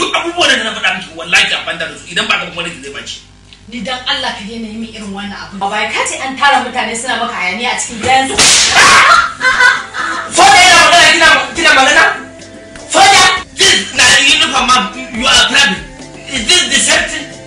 duk abubuwan da na faɗa miki wallahi ki amfanta da su idan ba ka kuma da zai baci ni dan Allah ka daina yi irin wannan abu ba bai kace an tara mutane suna maka hayaniya a cikin gidan su foda yana magana kina kina magana foda this na yi nufa ma you are private is this deceptive